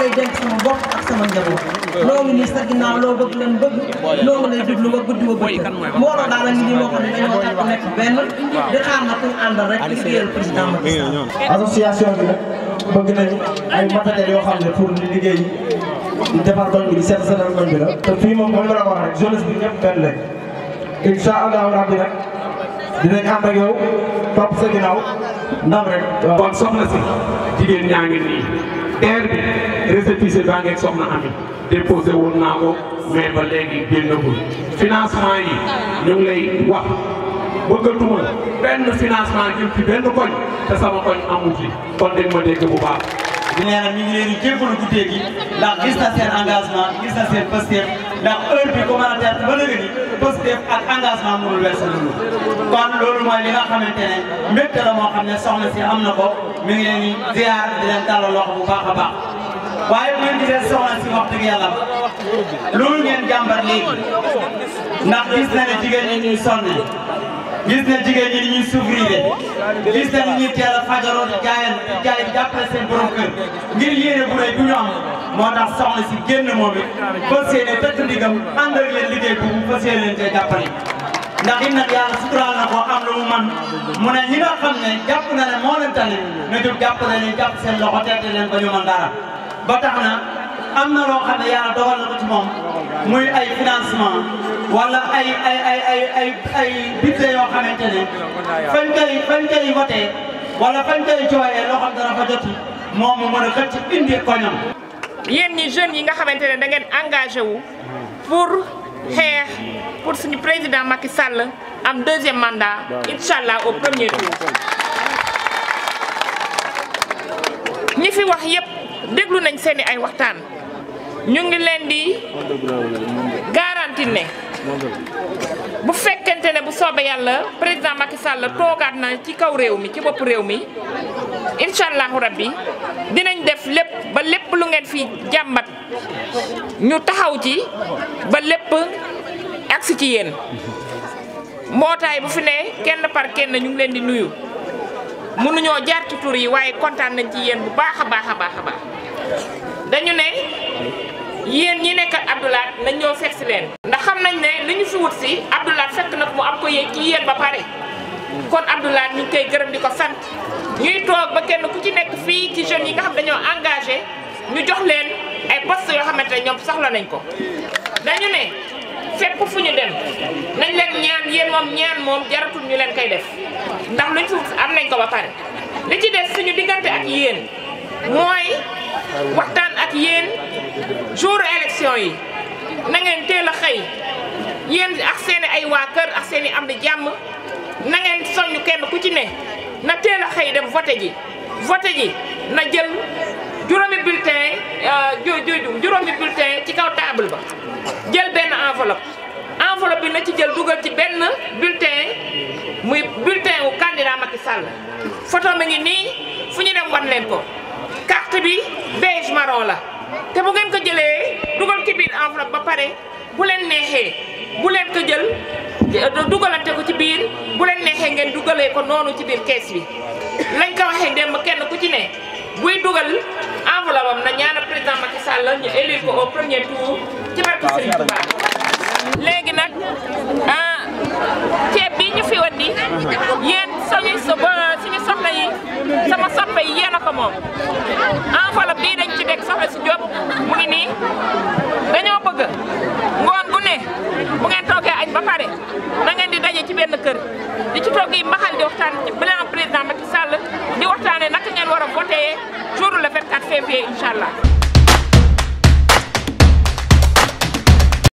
ngay dénk sama bopp président Macky association bi nag bëgg nañu ay matériel yoo xam ne pour di liggéey di defar koñ bi di seet seetal koñ bi la te fii moom comme la wax rek jeunesse bi ñëpp benn lañ incha allahu rabbi nag dinañ ànd ak yow topp sa ginnaaw ndam rek kon soxna si jigéen ñaa ngi teer bi récépissé baa ngeeg na Ami déposé woon naa ko mais ba léegi génnagul financement yi ñu ngi lay wax bëggatuma benn financement jëm ci benn koñ te sama koñ amu ci kon dégg ma dégg bu baax. di nee nag ñu ngi leen di jébbalu guddee ndax gis engagement gis na seen Pastef ndax heure bi commentaire ba léegi ni ak engagement mënul weesu loolu kon loolu mooy li nga xamante ne mbégte la moo xam ne soxna si am na ko mi ngi leen di ziar leen tàllal bu baax a waaye bu ngeen gisee soxna si wax dëgg yàlla loolu ngeen jàmbat léegi ndax gis na ne jigéen ñi ñuy sonn gis na jigéen ñi ni ñuy souffrir gis na ni ñuy teel a fajaroo di jaayal di jaay di jàppale seen borom kër ngir bu rëy bu ñu am moo tax soxna si génn moom it fas yéene tëtt ndigam ànd ak leen liggéey boobu fas yéene leen cee jàppale ndax it na ko am lu mu man mu ne ñi nga xam ne jàpp na ne moo leen tane na jàpp na leen jàpp seen loxo teel leen ba ñu mën ba tax am na loo xam ne yàlla dogal na ko moom muy ay financement wala ay ay ay ay ay ay budget yoo xamante ne fañ koy fañ koy voté wala fañ koy jooyee loo xam fa joti moom mu mën a xëcc indi koñam yéen ñi jeunes yi nga xamante ne da ngeen engagé wu pour xeex pour suñu président Macky Sall am deuxième mandat incha allah au premier tour ñi fi wax yépp déglu nañ seeni ay waxtaan ñu ngi leen di garanti ne bu fekkente ne bu soobee yàlla président Macky sàll toogaat na ci kaw réew mi ci bopp réew mi incha allahu rabbi dinañ def lépp ba lépp lu ngeen fi jàmbat ñu taxaw ci ba lépp agsi ci yéen mbootaay bu fi ne kenn par kenn ñu ngi leen di nuyu mënuñoo jaar ñetti tur yi waaye kontaan nañ ci yéen bu baax a baax a baax a baax dañu ne yéen ñi nekk ak Abdoulaat nañ ñoo fekk si leen. ndax xam nañ ne li ñu fi wut si Abdoulaat fekk na ko mu am ko yéeg ci yéen ba pare kon Abdoulaat ñu ngi koy gërëm di ko sant ñuy toog ba kenn ku ci nekk fii ci jeunes yi nga xam dañoo engagé ñu jox leen ay postes yoo xamante ne ñoom soxla nañ ko dañu ne. fépp fu ñu dem nañ leen ñaan yéen moom ñaan moom jaratul ñu leen koy def ndax luñ fi am nañ ko ba li ci des suñu diggante ak yéen mooy waxtaan ak yéen jour élection yi na ngeen teel a xëy yéen ak seeni ay waa kër ak seeni am di jàmm na ngeen soññ kenn ku ci ne na teel a xëy dem voté ji voté ji na jël juróomi bulletin euh, juróomi bulletin ci kaw table ba jël benn enveloppe enveloppe bi na ci jël dugal ci benn Sall photo ma ngi nii fu ñu dem wan leen ko carte bi beige maro la te bu ngeen ko jëlee dugal ci biir enveloppe ba pare bu leen neexee bu leen ko jël dugalante ko ci biir bu leen neexee ngeen dugalee ko noonu ci biir kees bi lañ ko waxee démb kenn ku ci ne buy dugal enveloppe am na ñaanal président Macky Sall ñu élire ko au premier tour ci barke Serigne Touba léegi nag yéen a ko moom enveloppe bii dañ ci dégg soxna si Diop mu ngi nii dañoo bëgg ngoon gu ne ngeen toogee añ ba pare na ngeen di daje ci benn kër di ci toog yi mbaxal di waxtaan ci bilan président Macky Sall di waxtaanee naka ngeen war a voté jour le 24 février incha allah.